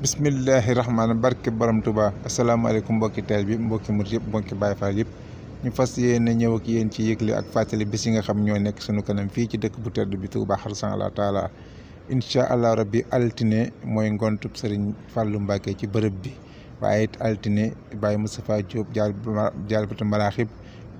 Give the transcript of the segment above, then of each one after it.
Bismillahirrahmanirrahim. barke borom Touba alaykum mbokki tel bi mbokki murit yeb mbokki Baay fa yeb ñu fas yeene ñew ak yeen ci yëgle ak fatali bis nga xam ñoo nek suñu kanam fi ci dekk bu tedd bi Touba xarsan allah taala insha allah rabbi altine moy ngontub serign fallu mbake ci bërepp bi waye it altine Baye Moustapha jaar jaal jaalbatu maraaxib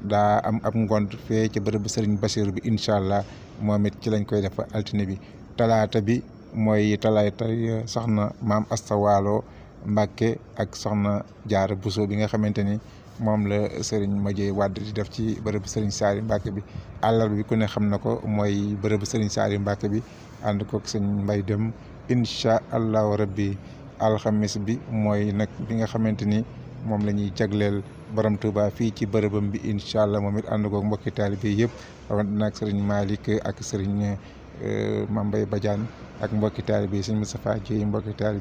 da am ab ngont fe ci bërepp serign Serigne bi insha allah momit ci lañ koy def altine bi talata bi. mooy talaay tay soxna maam Asta Waalo Mbàkke ak soxna Jaara Buso bi nga xamante ni moom la sëriñ Madieye Wade def ci bërëb sëriñ Saari Mbàkke bi àllarba bi ku ne xam na ko mooy bërëb sëriñ Saari Mbàkke bi ànd kook sëñ Mbay Dem incha allahu rabbi alxamis bi mooy nag bi nga xamante ni moom la ñuy jagleel borom Touba fii ci bërëbam bi incha allah moom it ànd kook mbokki taalibe yëpp rawatina ak sëriñ Malick ak sëriñ Eh, ma mbay Badiane ak mbokki taalibe yi sëñ Moustapha Dieye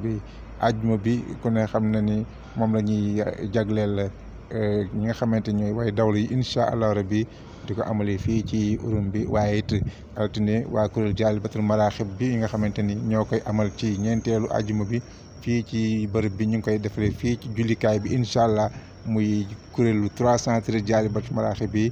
bi ajuma bi ku ne xam na ni moom la ñuy eh, jagleel eh, ñi nga xamante ñooy waaye dawlu yi incha allah rabbi di ko amale fii ci urum bi waaye it altine waa kuréel Jaalibatul Maraaxib bi nga xamante ni ñoo koy amal ci ñeenteelu ajuma bi fii ci bërëb bi ñu ngi koy defalee fii ci jullikaay bi incha allah muy kuréelu 313 Jaalibatul Maraaxib bi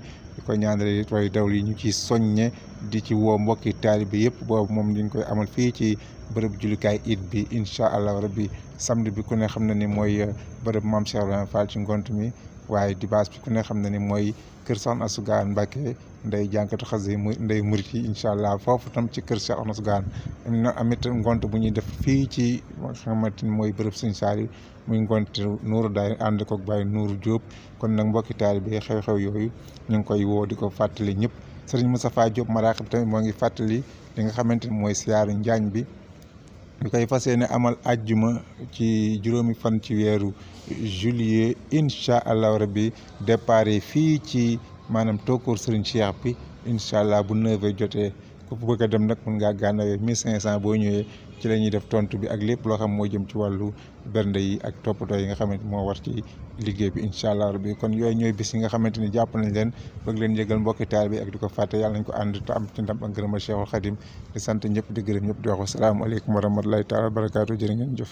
koy ñaanale way daw yi ñu ci soññe di ci woo mbokki taalibe yëpp boobu moom ñu koy amal fii ci bërëb jullikaay it bi incha allah rabbi samedi bi ku ne xam na ni mooy euh, bërëb maam Cheikh Ibrahima Fall ci ngont mi waaye di base bi ku ne xam na ni mooy kër Soxna Astou Gawane Mbacké nday jànkatu xase yi nday murit yi incha allah foofu tam ci kër Soxna Astou Gawane na amit ngont bu ñuy def fii ci xamante ni mooy bërëb Sëñ Saaliw muy ngonte nuuru daay ànd koog bàyyi nuuru Jóob kon nag mbokki taalibe bi xew-xew yooyu ñu ngi koy woo di ko fàttali ñëpp sëriñ Moustapha Diop Maraxib tamit moo ngi fàttali li nga xamante ni mooy siyaaru njaañ bi ñu koy fas yéene amal àjjuma ci juróomi fan ci weeru juillet incha allah rabbi départ fii ci maanaam tokkoor Serigne Cheikh bi incha allah bu 9 jotee. ku bëgg a dem nag mun ngaa gànnaawee mille cinq cent boo ñëwee ci la ñuy def tontu bi ak lépp loo xam moo jëm ci wàllu bernde yi ak toppatoo yi nga xamante moo war ci liggéey bi incha allah rabbi kon yooyu ñooy bis yi nga xamante ni jàpp nañ leen bëgg leen yëgal mbokki taal bi ak di ko fàtte yàlla nañ ko ànd te am ci ndam ak ngërëmal Cheikhul Khadim di sant ñëpp di gërëm ñëpp di wax wasalaamaaleykum wa rahmatulahi taala wa barakaatu jërë ngeen jëf